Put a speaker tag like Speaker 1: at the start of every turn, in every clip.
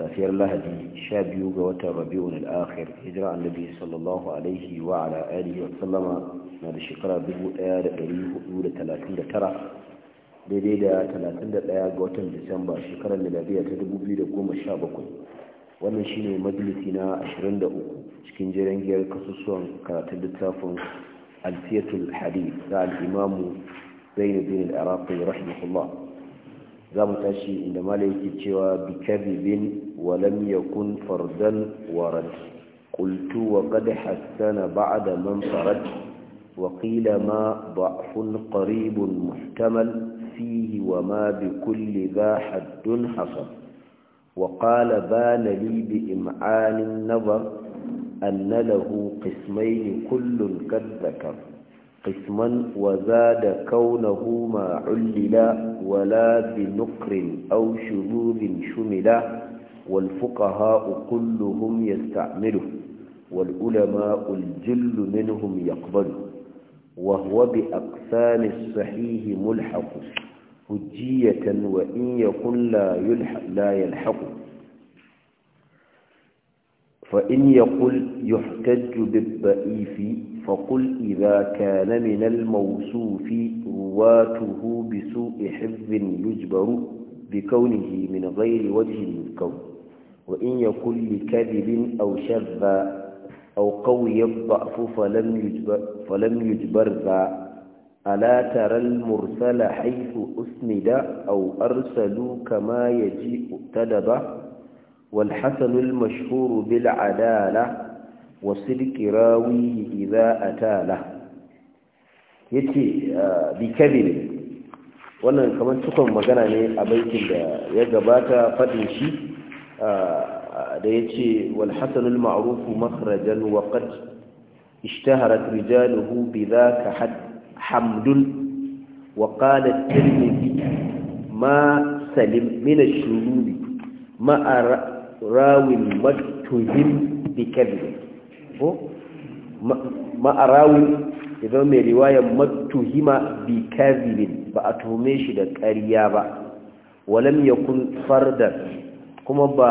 Speaker 1: safiyar lahadi sha biyu ga watan rabi'un al'akhir hijira annabi sallallahu alaihi wa ala alihi wa sallama na da shekara 1439 daidai da 31 ga watan disamba shekarar miladiya ta 2017 wannan shine majalisi na 23 cikin jiran kasusuwan karatun littafin alfiyatul hadith da al'imamu zainuddin al'arafi rahimahullah za mu tashi inda mala yake cewa bi kadhibin wa lam yakun fardan warad qultu wa qad hassana ba'da man farad wa qila ma da'fun qaribun muhtamal fihi wa ma bi kulli dha haddun hasab wa qala bana li bi im'anin nazar أن له قسمين كل قد ذكر قسما وزاد كونه ما علل ولا بنقر أو شذوذ شمل والفقهاء كلهم يستعمله والعلماء الجل منهم يقبله وهو بأقسام الصحيح ملحق هجية وإن يكن لا يلحق, لا يلحق فإن يقل يحتج بالضعيف فقل إذا كان من الموصوف رواته بسوء حفظ يجبر بكونه من غير وجه الكون وإن يقل لكذب أو شذا أو قوي الضعف فلم يجبر, فلم يجبر ذا ألا ترى المرسل حيث أسند أو أرسلوا كما يجيء تدبه والحسن المشهور بالعدالة وصدق راويه إذا أتى له يتي بكبير wannan kamar cikon magana ne a baikin da ya gabata faɗin shi da ya ce walhassanul ma'arufu makarajen waƙad ishtaharat rijaluhu bi za ka hamdun waƙalar tirmidhi ma salim mina shurubi ma'ara rawin matuhin bikadin ko ma'arawin ya mai riwayar matuhima bikadin ba a tuhume shi da ƙarya ba walam ya kun fardar kuma ba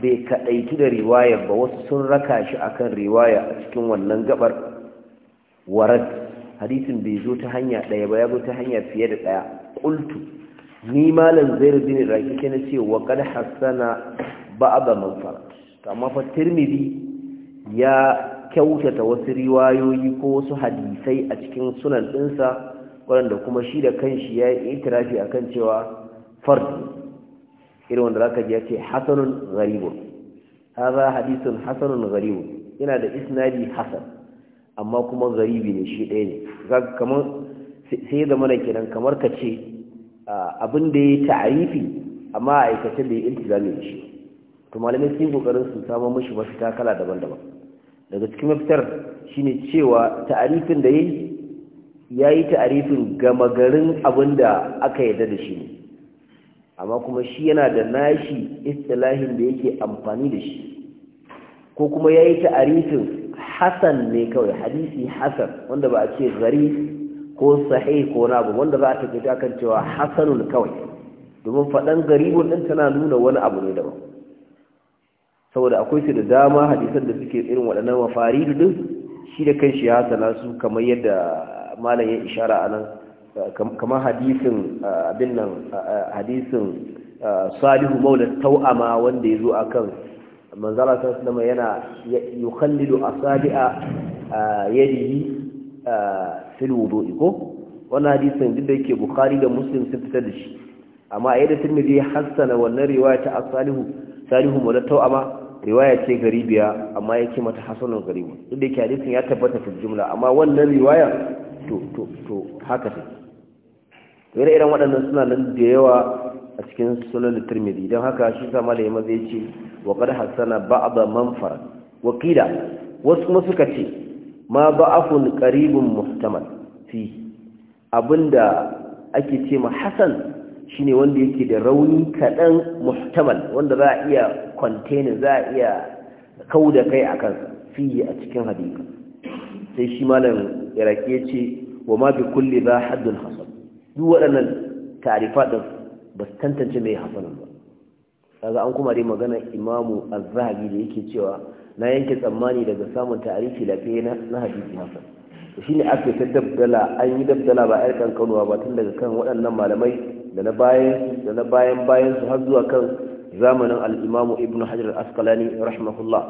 Speaker 1: bai kaɗaitu da riwaya ba wasu sun raka shi akan riwaya a cikin wannan gabar warad hadisin bai zo ta hanya ɗaya ba ya zo ta hanya fiye da ɗaya ƙultu ni malam zairu bin raki na ce wa kad hassana ba'da manfarat amma fa tirmidhi ya kyautata wasu riwayoyi ko wasu hadisai a cikin sunan dinsa wanda kuma shi da kanshi ya yi itirafi akan cewa fard irin wanda zaka ji yace hasanun gharibun hadha hadithun hasanun gharibun yana da isnadi hasan amma kuma gharibi ne shi ɗaya ne zaka kamar sai da mana kiran kamar ka ce abin da ya ta'arifi amma aikace ya iltizami da shi to malamai sun kokarin su samu mishi mafita kala daban-daban daga cikin mafitar shine cewa ta'arifin da yayi yayi ta'arifin gama garin abinda aka yarda da shi ne amma kuma shi yana da nashi istilahin da yake amfani da shi ko kuma yayi ta'arifin hasan ne kawai hadisi hasan wanda ba a ce gari ko sahih ko na ba wanda za a tafi akan cewa hasanun kawai domin faɗan garibun ɗin tana nuna wani abu ne daban saboda akwai su da dama hadisan da suke irin waɗannan mafari din shi da kan shi ya hasana su kamar yadda malam ya ishara a nan kamar hadisin abin nan hadisin salihu maula tau'ama wanda ya zo a kan manzala sallama yana yukhallidu asabi'a yadihi fil wudu'i ko wannan hadisin duk da yake bukhari da muslim sun fitar da shi amma a yadda tirmidhi ya hassana wannan riwaya ta a salihu salihu maula tau'ama riwaya ce garibiya amma yake mata hasanun garibu duk da yake hadisin ya tabbata fi jumla amma wannan riwaya to to to haka take ire irin waɗannan suna nan da yawa a cikin sunan tirmidhi don haka shi sa malai maza ya ce wa qad hasana ba'da man fara. wa wasu kuma suka ce ma ba'afun qaribun muhtamal fi abinda ake ce ma hasan shine wanda yake da rauni kaɗan muhtamal wanda za a iya kwantena za a iya kau da kai a kansa fiye a cikin hadika sai shi malam iraki ya ce wa ma kulle kulli za haddun hasan duk waɗannan tarifa ba su tantance mai hasanin ba kaga an kuma dai magana imamu azzahabi da yake cewa na yanke tsammani daga samun tarihi lafiya na hadisi hasan shi ne ake ta dabdala an yi dabdala ba yar kankanuwa ba tun daga kan waɗannan malamai da na bayan da na bayan bayan su har zuwa kan zamanin al-Imam Ibn Hajar al-Asqalani rahimahullah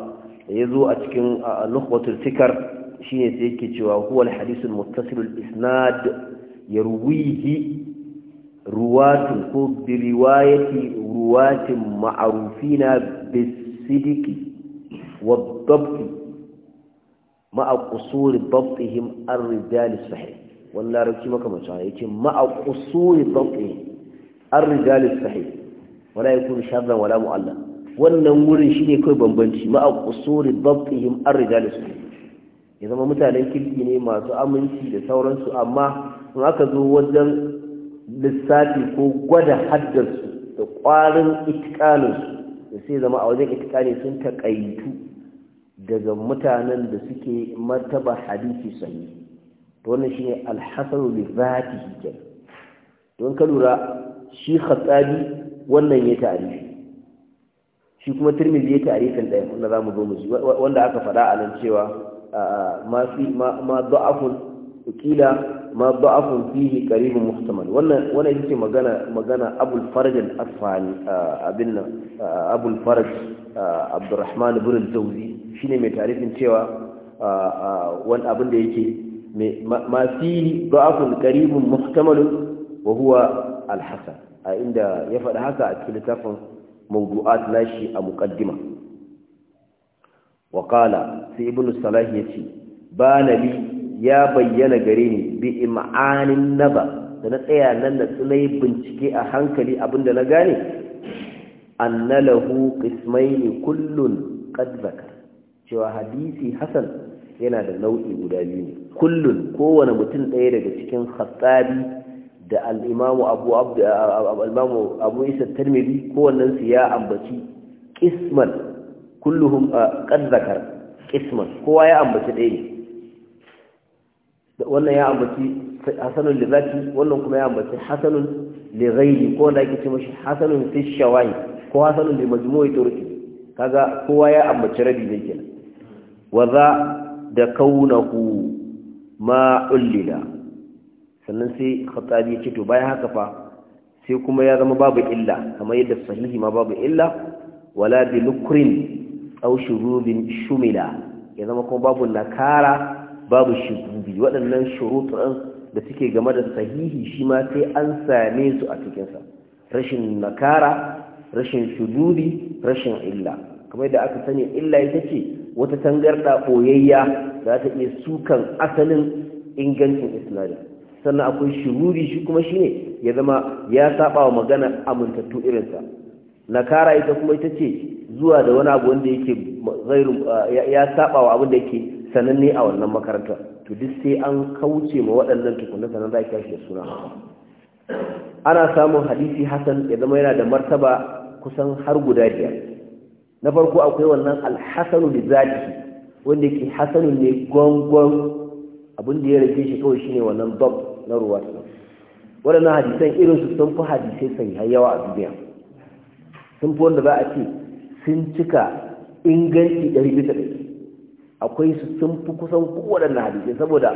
Speaker 1: ya zo a cikin nukhwatul fikr shine sai yake cewa huwa al-hadith al-muttasil al-isnad yarwihi ko bi riwayati ruwatin ma'rufina bis-sidqi wad-dabt ma'a qusur dabtihim ar-rijal sahih wani larabci makamacin ya ce ma'a kusuri zaɓe an rijalis sahi wala ya kuru shazan wala mu'alla wannan wurin shi ne kawai bambanci ma'a kusuri zaɓe an rijalis sahi ya zama mutanen kirki ne masu aminci da sauransu amma in aka zo wajen lissafi ko gwada haddarsu da ƙwarin itikaninsu da sai zama a wajen itikani sun taƙaitu daga mutanen da suke martaba hadisi sahihi to shi ne alhasaru li zatihi kenan don ka lura shi khattabi wannan ya tarifi shi kuma tirmidhi ya tarifin ɗaya wanda zamu mu zo wanda aka faɗa a nan cewa ma fi ma da'afun kila ma da'afun fihi qaribun muhtamal wannan wannan yake magana magana abul faraj al abin nan abul faraj abdurrahman ibn al-jawzi shine mai tarifin cewa wani abin da yake ma fi da'afun qaribun muhtamalun wa huwa al-hasan a inda ya faɗi haka a cikin littafin mawdu'at nashi a muqaddima wa qala sai ibnu salah yace ba nabi ya bayyana gare ni bi im'anin naba da na tsaya nan na tsulai bincike a hankali abinda na gane annalahu lahu kullun qad zakar cewa hadisi hasan yana da nau'i guda biyu ne kullun kowane mutum ɗaya daga cikin khattabi da al'imamu abu al'imamu abu isa tarmidi kowannen su ya ambaci kisman kulluhum qad zakar kisman kowa ya ambaci ɗaya ne wannan ya ambaci hasanun li wannan kuma ya ambaci hasanun li ghairi ko da yake ce mashi hasanun fi shawahi ko hasanun li majmu'i turki kaga kowa ya ambaci rabi ne kenan wa za da kaunahu ma ullila sannan sai khattabi ya ce to bayan haka fa sai kuma ya zama babu illa kamar yadda sahihi ma babu illa wala bi lukrin aw shurubin shumila ya zama kuma babu nakara babu shurubi waɗannan shurutun da suke game da sahihi shi ma sai an same su a cikinsa rashin nakara rashin shuduri rashin illa kamar yadda aka sani illa yake ce wata tangarda boyayya za ta iya sukan asalin ingancin isnadin sannan akwai shiruri shi kuma shi ne? ya zama ya saba wa magana amintattu irinsa nakara ita kuma ita ce zuwa da wani abu wanda yake ya saba wa abin da yake sananne a wannan makaranta to duk sai an kauce ma waɗannan tukunan sanar za ake shi da suna ana samun hadisi hasan ya zama yana da martaba kusan har guda biyar na farko akwai wannan alhassanu da zaki wanda ke hassanu ne gwangwan abin da ya rage shi kawai shine wannan bab na ruwa waɗannan hadisan irin su sun fi hadisai sai har yawa a duniya sun fi wanda za a ce sun cika inganci ɗari bisa ɗari akwai su sun fi kusan kowaɗannan hadisai saboda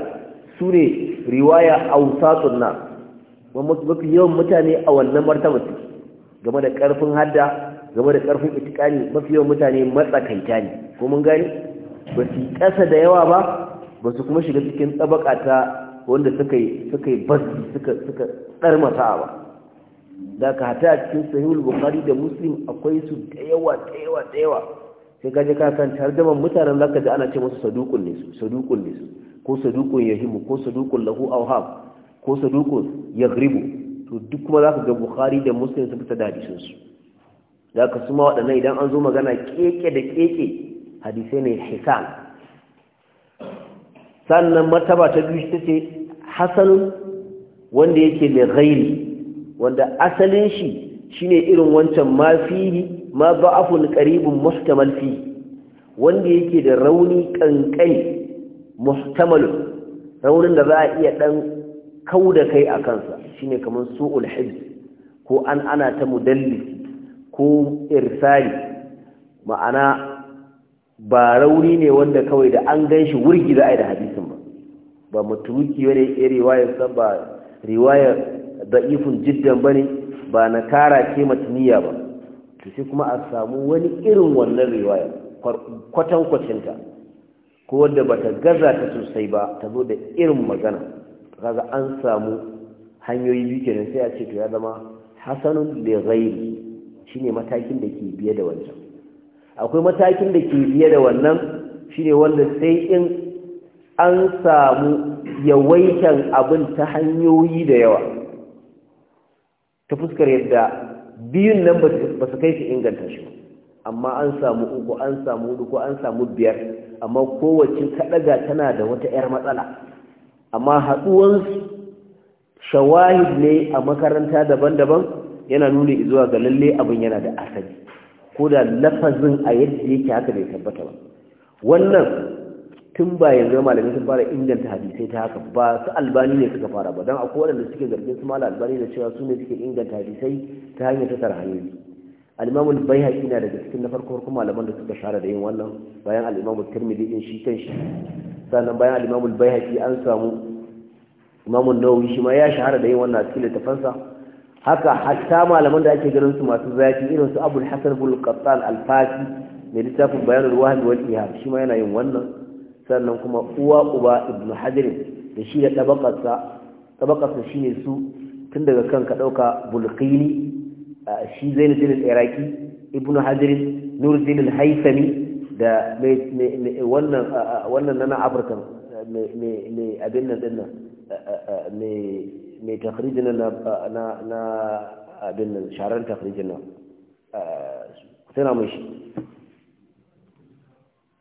Speaker 1: su ne riwaya ausatun na mafi yawan mutane a wannan martaba game da ƙarfin hadda game da karfin itikani mafi yawan mutane matsakaita ne ko mun gani ba su ƙasa da yawa ba ba su kuma shiga cikin tsabaka ta wanda suka yi suka yi bazzi suka suka ba
Speaker 2: da ka hata a cikin sahihul bukhari
Speaker 1: da muslim akwai su da yawa da yawa da yawa sai kaje ka san tarjaman mutanen zaka ji ana ce musu saduqun ne su saduqun ne su ko saduqun yahimu ko saduqun lahu awham ko saduqun yaghribu to duk kuma zaka ga bukhari da muslim sun fita da hadisin su da ka suma waɗannan idan an zo magana keke da keke hadisai ne hisan sannan martaba ta biyu ta ce hasanun wanda yake da ghairi wanda asalin shi shine irin wancan ma fihi ma ba'afun qaribun muhtamal fi wanda yake da rauni kankai muhtamal raunin da za a iya dan kauda kai a kansa shine kamar su'ul hibs ko an ana ta mudallis ko irsali ma'ana ba rauni ne wanda kawai da an gan shi wurgi za a yi da hadisin ba ba mutuki eh, wani ya sa ba riwayar da'ifin jiddan ba ne ba na kara ke matuniya ba sai kuma a samu wani irin wannan riwaya kwatankwacinta ko wadda ba ta gaza ta sosai ba ta zo da irin magana kaga an samu hanyoyi biyu kenan sai a ce to ya zama hasanun da ne matakin da ke biye da wancan akwai matakin da ke biye da wannan shine wanda sai in an samu yawaitan abin ta hanyoyi da yawa ta fuskar yadda biyun nan ba su kai su inganta shi amma an samu uku an samu hudu ko an samu biyar amma kowace kaɗaga tana da wata 'yar matsala amma haɗuwansu shawahid ne a makaranta daban-daban yana nuni zuwa ga lalle abin yana da asali ko da lafazin a yadda yake haka bai tabbata ba wannan tun ba yanzu malamai sun fara inganta hadisai ta haka ba su albani ne suka fara ba don akwai waɗanda suke zargin su malam albani da cewa su ne suke inganta hadisai ta hanyar ta tara hanyoyi al'imamul bai haƙi na daga cikin na farko farko malaman da suka share da yin wannan bayan al'imamul tirmidhi din shi kan shi sannan bayan al'imamul bai haƙi an samu imamun nawawi shi ma ya shahara da yin wannan a cikin littafansa haka hatta malaman da ake ganin su masu zafi irin su abul hasan bul qattan al fasi mai littafin bayanul wahmi wal ihab shi ma yana yin wannan sannan kuma uwa uba ibnu hajar da shi da tabaqarsa tabaqarsa shine su tun daga ka dauka bulqini shi zainuddin al-iraqi ibnu hajar nuruddin al-haythami da wannan wannan na afirka mai abin nan dinnan mai mai takhrijin na na na abin nan sharar takhrijin nan tana ah, mun ah, shi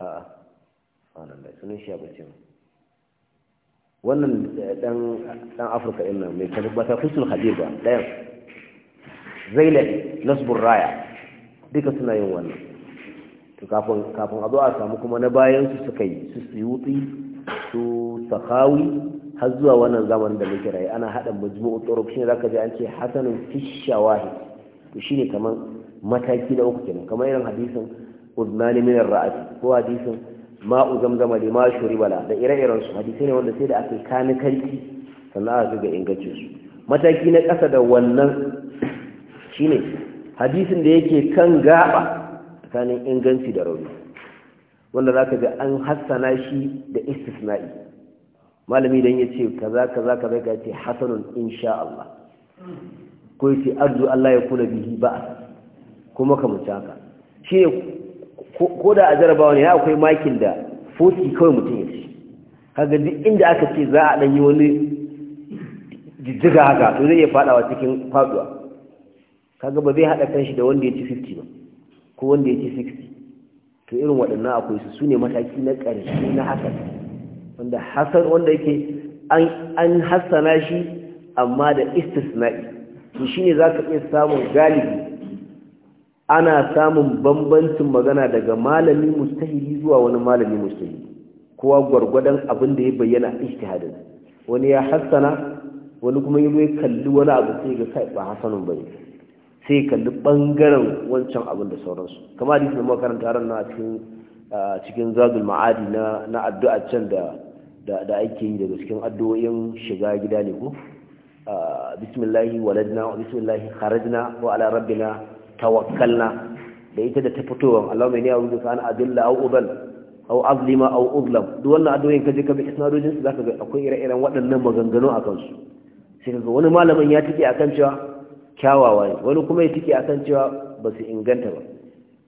Speaker 1: a wannan da sunan shi abin cewa wannan dan dan Afirka din nan mai tabbata Husnul Habiba dayan Zailal Nasbur Raya duka suna yin wannan to kafin kafin a zo samu kuma na bayan su suka yi su Suyuti su Sakawi har zuwa wannan zamanin da muke rayu ana hada majmu'u turuq shine zaka ji an ce hasanun fi shawahid to shine kaman mataki da uku kenan kamar irin hadisin udnani min ar rad ko hadisin ma'u zamzama ma shuribala da ire-iren su hadisi ne wanda sai da aka kani karki sannan aka ga ingancin su mataki na ƙasa da wannan shine hadisin da yake kan gaba tsakanin inganci da rauni wanda zaka ga an hassana shi da istisna'i malami dan ya ce kaza kaza kaza ka ce hasanun insha Allah ko ya ce arzu Allah ya kula bihi ba kuma ka mutu haka shi ko da a jarabawa ne akwai makin da fosi kawai mutum ya ce kaga duk inda aka ce za a dan yi wani jijjiga haka to zai iya fadawa cikin faduwa kaga ba zai haɗa kanshi da wanda ya ci 50 ba ko wanda ya ci 60 to irin waɗannan akwai su su ne mataki na ƙarshe na hakan wanda hasan wanda yake an hassana shi amma da istisna'i to shine zaka iya samun galibi ana samun bambancin magana daga malami mustahili zuwa wani malami mustahili kowa gwargwadon abin da ya bayyana ijtihadin wani ya hassana wani kuma yi kalli wani abu sai ga sai ba hasanun bane sai kalli bangaren wancan abin da sauransu kamar hadisin makaranta ran na cikin cikin zadul ma'adi na na addu'a can da da ake yi daga cikin addu'o'in shiga gida ne ko bismillahi waladna wa bismillahi kharajna wa ala rabbina tawakkalna da ita da ta fitowa Allah mai ne a ka ana adilla au ubal au azlima au uzlam duk wannan addu'o'in kaje ka bi isnadojin su zaka ga akwai ire-iren waɗannan maganganu a kansu. sai ga wani malamin ya tike kan cewa kyawawa ne wani kuma ya tike kan cewa ba su inganta ba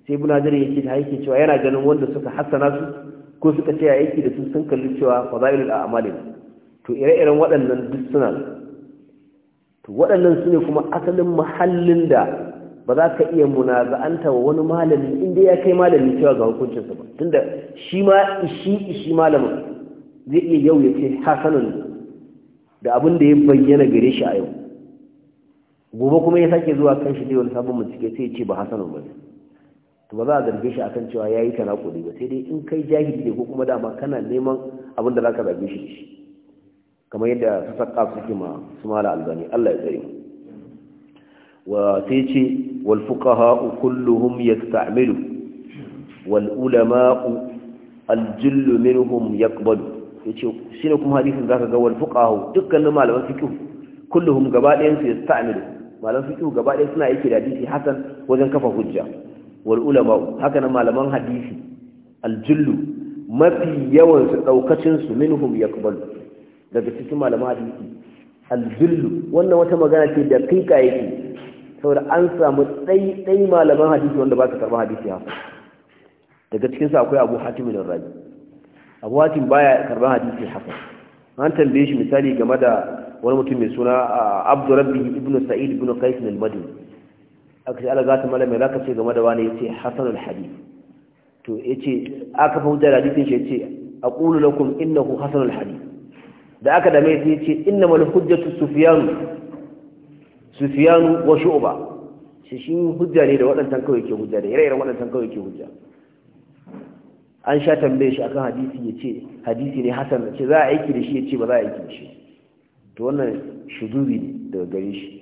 Speaker 1: sai ibn hajar yake ta yake cewa yana ganin wanda suka hassana su ko suka ce aiki da su sun kalli cewa faza'ilul a'malin to ire-iren waɗannan duk suna to waɗannan su ne kuma asalin mahallin da ba za ka iya munaza'anta wa wani malami inda ya kai malami cewa ga hukuncinsa ba tunda shi ma ishi ishi malamin zai iya yau ya ce hasanun da abin da ya bayyana gare shi a yau gobe kuma ya sake zuwa kan shi zai wani sabon bincike sai ya ce ba hasanun ba ne to ba za a zarge shi akan cewa ya yi yayi tanakudi ba sai dai in kai jahili ne ko kuma dama kana neman abin da za ka zarge shi da shi kamar yadda su sakka suke ma su mala albani Allah ya tsare mu wa sai ce wal fuqaha kulluhum yasta'milu wal ulama al jullu minhum yaqbalu yace shine kuma hadisin zaka ga wal fuqaha dukkanin malaman fiqh kulluhum gaba ɗayan su yasta'milu malaman fiqh gaba ɗayan suna yake da hadisi hasan wajen kafa hujja Wal'ulama, ulama haka nan malaman hadisi aljullu mafi yawan su daukacin su minhum yakbal daga cikin malaman hadisi aljullu wannan wata magana ce da kika yake saboda an samu dai dai malaman hadisi wanda ba su karɓar hadisi haka daga cikin su akwai Abu Hatim al-Razi Abu Hatim baya karɓar hadisi haka an tambaye shi misali game da wani mutum mai suna ah, Abdurrabbi ibn Sa'id ibn Qais al-Madini aka ce ala za ta mala mai ce game da wani ya ce hasanul hadith to ya ce aka fi hujjar hadithin shi ya ce a ƙulu lakum innahu hasanul hadith da aka dame sai ya ce inna mal hujjatu sufiyanu sufiyanu wa shu'ba shi shi hujja ne da waɗancan kawai ke hujja da ire-iren waɗancan kawai ke hujja an sha tambaye shi akan hadisi ya ce hadisi ne hasan ce za a aiki da shi ya ce ba za a aiki da shi to wannan shudubi daga gare shi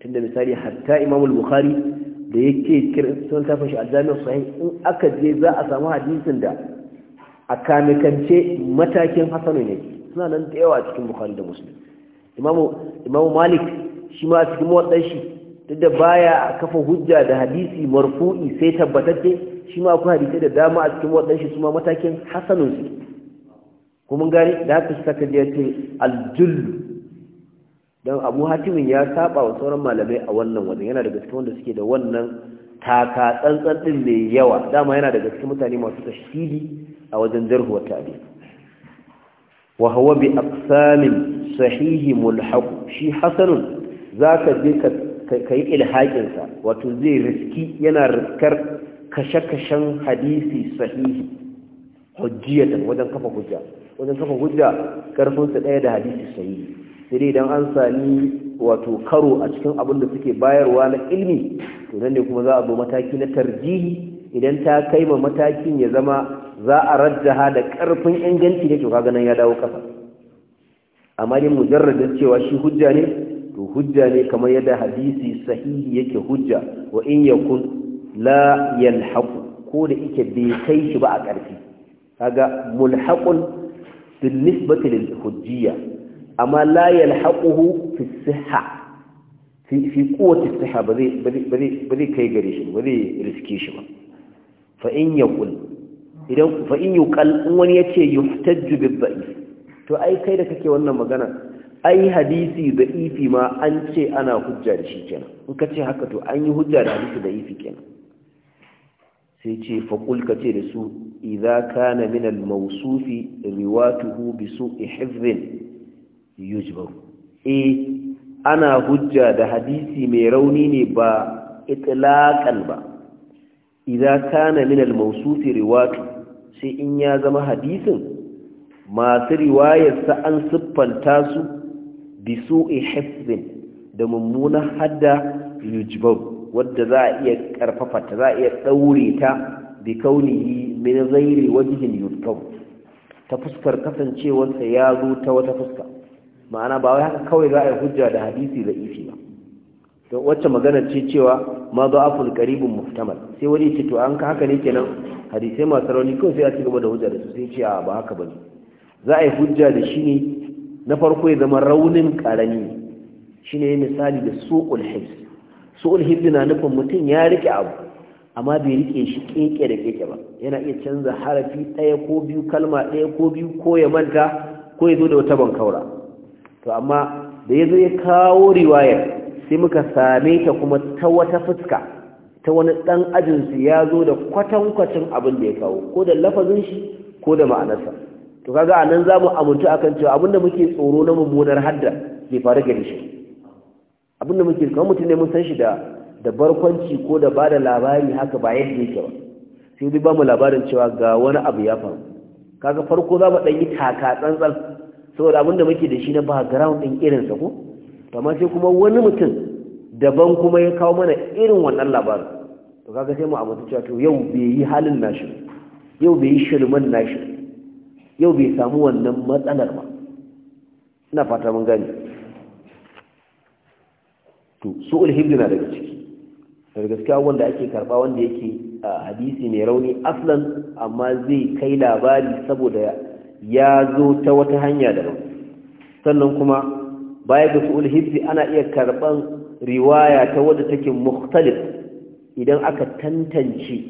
Speaker 1: tunda misali hatta Imam al-Bukhari da yake kiran tafin shi al sahih in aka je za a samu hadisin da a kamikance matakin hasanu ne suna nan da yawa cikin Bukhari da Muslim Imam Malik shi ma cikin muwaddan shi duk da baya kafa hujja da hadisi marfu'i sai tabbatacce shi ma akwai hadisi da dama a cikin muwaddan shi su ma matakin hasanu su kuma gari da haka shi saka je ya ce al don abu hatimin ya saba wa sauran malamai a wannan wajen yana daga cikin wanda suke da wannan taka tsantsan ɗin mai yawa dama yana daga cikin mutane masu tashidi a wajen jarhuwar wa wa bi aqsamin sahihi mulhaq shi hasanun zaka je ka yi ilhaqin sa wato zai riski yana riskar kashe-kashen hadisi sahihi hujjatan wajen kafa hujja wajen kafa hujja da hadisi sahihi sai dan idan an sami wato karo a cikin abin da suke bayarwa na ilmi to nan ne kuma za a zo mataki na tarjihi idan ta kai ma matakin ya zama za a raddaha da ƙarfin inganci ne to kaga nan ya dawo kafa amma dai mujarradin cewa shi hujja ne to hujja ne kamar yadda hadisi sahihi yake hujja wa in yakun la yalhaqu ko da yake bai kai shi ba a ƙarfi kaga mulhaqun bil nisbati lil hujjiyya amma la yalhaquhu fi sihha fi fi quwwati sihha ba zai ba kai gare shi ba zai riske shi ba fa in yaqul idan fa in yuqal in wani yace yuhtajju bi da'if to ai kai da kake wannan magana ai hadisi da ifi ma an ce ana hujja da shi kenan in ka ce haka to an yi hujja da hadisi da ifi kenan sai ce faƙul ka ce da su idza kana min al-mawsufi riwatuhu bi su'i hifdhin yujbahu eh ana hujja da hadisi mai rauni ne ba itlaqan ba idza kana min al-mawsuf riwatu sai in ya zama hadisin masu riwayarsa an siffanta su bi su'i hifzin da mummunan hadda yujbahu wadda za a iya karfafa ta za a iya daure ta bi kaunihi min ghairi wajhin yuzkaru ta fuskar kasancewarsa ya zo ta wata fuska ma'ana ba wai haka kawai za a yi hujja da hadisi da ifi ba to wacce magana ce cewa ma za a fulkaribin sai wani ce to an ka haka ne kenan hadisai masu rauni kawai sai a ci gaba da hujja da su sai ce ba haka ba ne za a yi hujja da shi ne na farko ya zama raunin karami shi ne misali da su'ul hibs su'ul hibs na nufin mutum ya rike abu amma bai rike shi keke da keke ba yana iya canza harafi ɗaya ko biyu kalma ɗaya ko biyu ko ya manta ko ya zo da wata bankaura to amma da ya zo ya kawo riwayar sai muka same ta kuma ta wata fuska ta wani ɗan ajinsu ya zo da kwatankwacin abin da ya kawo ko da lafazin shi ko da ma'anarsa to kaga a nan za mu amintu a kan cewa abinda muke tsoro na mummunar hadda zai faru gari shi abinda muke kan mutum ne mun san shi da da barkwanci ko da ba da labari haka ba yadda yake ba sai dai ba mu labarin cewa ga wani abu ya faru kaga farko za mu ɗan yi taka tsantsan saboda abinda muke da shi na background din irin sa ko amma sai kuma wani mutum daban kuma ya kawo mana irin wannan labarin to kaga sai mu abuta cewa to yau bai yi halin nashi yau bai yi shirman nashi yau bai samu wannan matsalar ba ina fata mun gani to su hibd na daga ciki daga gaskiya wanda ake karba wanda yake ah, hadisi mai rauni aslan amma zai kai labari saboda ya zo ta wata hanya daban sannan kuma baya ga su hibzi ana iya karban riwaya ta wadda take mukhtalif idan aka tantance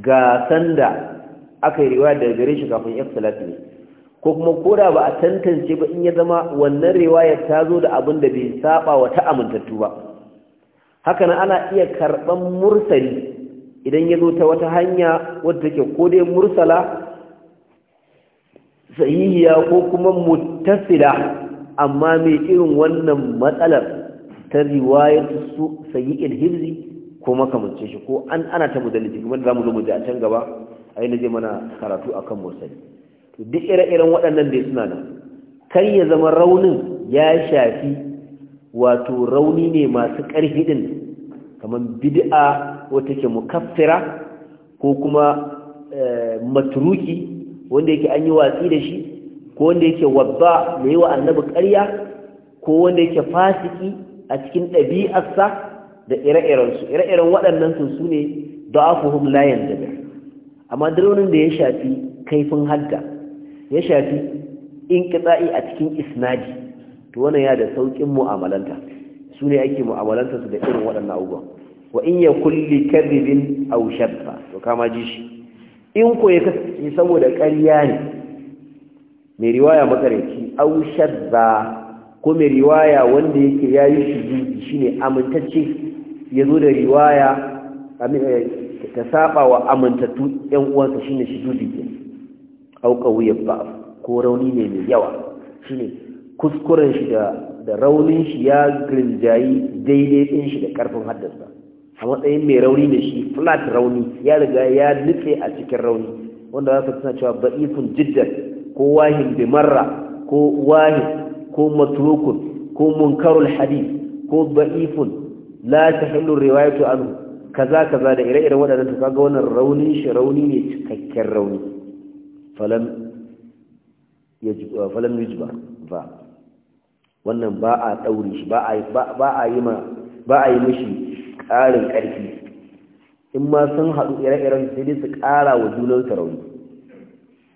Speaker 1: ga sanda aka yi riwaya daga gare shi kafin ikhtilaf ne ko kuma koda ba a tantance ba in ya zama wannan riwaya ta zo da abin da bai saba wa ta amintattu ba haka ana iya karban mursali idan ya zo ta wata hanya wadda take ko dai mursala sahihiya ko kuma muttasila amma mai irin wannan matsalar ta riwayar su sayi hibzi ko makamance shi ko an ana ta mudallisi kuma za mu zo mu ji a can gaba a yi je mana karatu akan mursali to duk ire-iren waɗannan da suna nan kar ya zama raunin ya shafi wato rauni ne masu ƙarfi ɗin kamar bid'a wata ke mukaffira ko kuma eh, matruki wanda yake an yi watsi da shi ko wanda yake wabba da yi wa annabi ƙarya ko wanda yake fasiki a cikin ɗabi'arsa da ire-irensu ire-iren waɗannan sun su ne da afuhum layan daga amma draunin da ya shafi kaifin hadda ya shafi in kitsa'i a cikin isnadi to wannan ya da sauƙin mu'amalanta su ne ake mu'amalanta su da irin waɗannan abubuwan wa in ya kulli kadhibin aw shabba to kama ji shi in ko ya kasance saboda ƙarya ne mai riwaya makareci au ko mai riwaya wanda yake ya yi shi shi ne amintacce ya zo da riwaya eh, ta saba wa amintattu ‘yan uwansa shi ne shi shidudi ke au ya ba ko rauni ne mai yawa shi ne kuskuren shi da raunin shi ya grinjayi daidai ɗin shi da ƙarfin haddasa a matsayin mai rauni da shi flat rauni ya riga ya nufe a cikin rauni wanda za ka tuna cewa ba'ifun jiddar, ko wahin bimarra, ko wahin ko matrukun ko munkarul hadis, ko ba'ifun la tahillu riwayatu anhu kaza kaza da ire-iren waɗannan ta, kaga wannan raunin shi rauni ne cikakken rauni falam yajib falam yujba ba wannan ba a daure shi ba a ba a yi ma ba a yi mishi ƙarin ƙarfi in ma sun haɗu ire-iren sai dai su ƙara wa junan rauni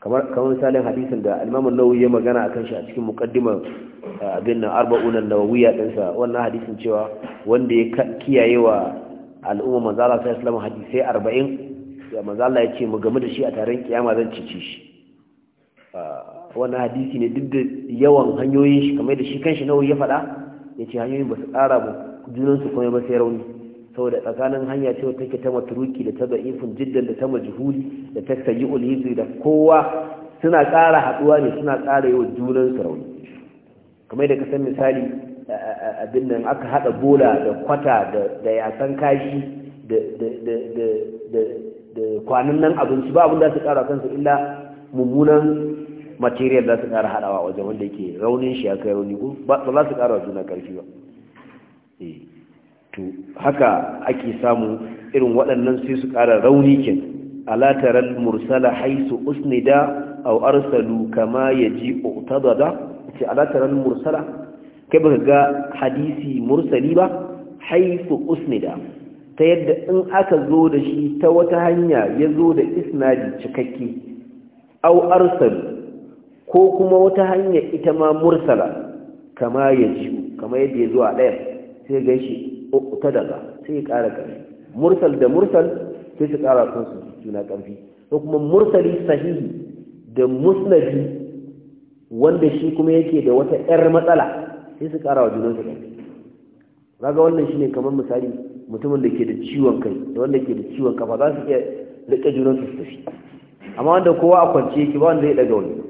Speaker 1: kamar kamar misalin hadisin da al-Imam an-Nawawi ya magana akan shi a cikin muqaddimar eh, abin nan arba'un an-nawawiyya dinsa wannan hadisin cewa wanda ya kiyaye wa al'umma manzo Allah sallallahu alaihi hadisi 40 ya manzo Allah ya ce mu game da shi a taron kiyama zan cici shi ah, wannan hadisi ne duk da yawan hanyoyin shi kamar da shi kanshi Nawawi ya faɗa yace hanyoyin ba su ƙara ba junan su kuma ba sai rauni saboda tsakanin hanya ce wata take ta maturuki da ta da'ifin jiddan da ta majhuli da ta sayi ulhizu da kowa suna ƙara haɗuwa ne suna ƙara yi wa junan sarauni kamar da ka san misali abin nan aka haɗa bola da kwata da yasan kashi da kwanan nan abinci ba abin da su ƙara kansu illa mummunan material za su ƙara haɗawa wajen wanda ke raunin shi ya kai rauni ko ba za su ƙara wa juna ƙarfi ba eh. to haka ake samu irin waɗannan sai su ƙara rauni kin alataral mursala haisu usnida aw arsalu kama yaji utadada ce alataral mursala kai baka ga hadisi mursali ba haisu usnida ta yadda in aka zo da shi ta wata hanya ya zo da isnadi cikakke aw arsalu ko kuma wata hanya ita ma mursala kama yaji kama yadda ya zo a ɗaya sai gaishe ta daga sai ya ƙara ƙarfi mursal da mursal sai su ƙara sun su juna ƙarfi ko kuma mursali sahihi da musnadi wanda shi kuma yake da wata ƴar matsala sai su ƙara wa junan su ƙarfi kaga wannan shine kamar misali mutumin da ke da ciwon kai da wanda ke da ciwon kafa za su iya riƙe junan su tafi amma wanda kowa a kwance yake ba wanda zai ɗaga wani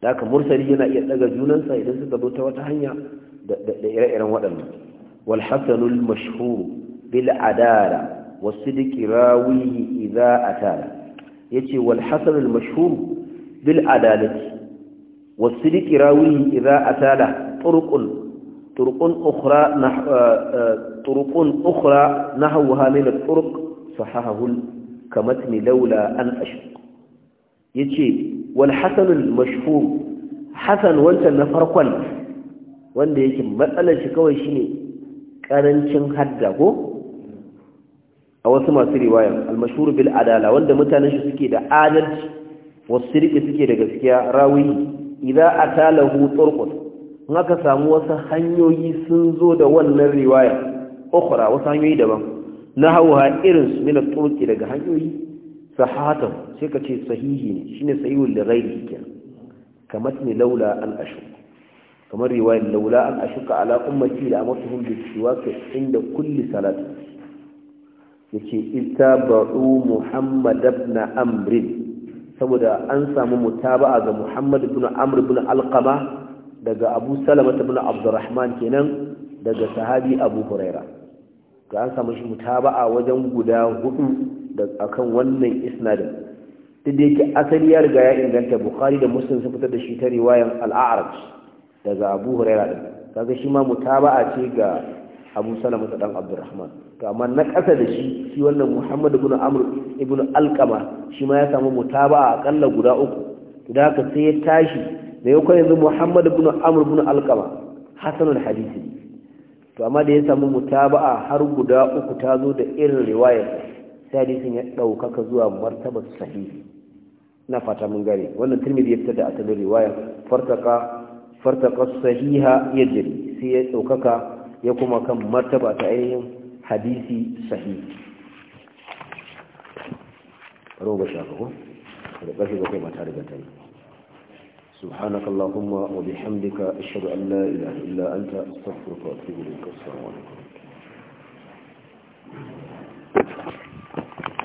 Speaker 1: da aka mursali yana iya ɗaga junansa idan suka zo ta wata hanya da ire-iren waɗannan والحسن المشهور بالعدالة والصدق راويه إذا أتانا يتي والحسن المشهور بالعدالة والصدق راويه إذا أتانا طرق طرق أخرى نحو طرق أخرى نحوها من الطرق صححه كمتن لولا أن أشق يتي والحسن المشهور حسن وانت نفرقا wanda yake matsalar shi kawai shine karancin hadda ko a wasu masu riwaya almashhur bil adala wanda mutanen shi suke da adalci wasu suke da gaskiya rawi idza atalahu turqut in aka samu wasu hanyoyi sun zo da wannan riwaya ukhra wasu hanyoyi daban nahawha irin su min turqi daga hanyoyi sahatan sai ka ce sahihi ne shine sahihul li ghairihi kamar ne laula al ashur kamar riwayar laula an shuka ala ummati da amatuhum bi siwak inda kulli salat yace ittaba'u muhammad ibn amr saboda an samu mutaba'a ga muhammad ibn amr ibn alqama daga abu salama ibn abdurrahman kenan daga sahabi abu huraira ga an samu shi mutaba'a wajen guda hudu da akan wannan isnadin duk da yake asali ya riga ya inganta bukhari da muslim sun fitar da shi ta riwayan al-a'raj daga abu huraira ɗin. kaga shi ma mutaba'a ce ga abu salama da dan abdurrahman to amma na ƙasa da shi shi wannan muhammad ibn amr ibn alqama shi ma ya samu mutaba'a akalla guda uku to da haka sai ya tashi da ya kai yanzu muhammad ibn amr ibn alqama hasanul hadisi to amma da ya samu mutaba'a har guda uku ta zo da irin riwayar sai hadisin ya ɗaukaka zuwa martabar sahihi na fata mun gare wannan tirmidhi ya fitar da asalin riwaya fartaka fartaqas sahiha jirgi, sai ya ɗaukaka ya kuma kan martaba ta ainihin hadisi sahi roba shaka ko da kashi سبحانك اللهم وبحمدك لا السلام عليكم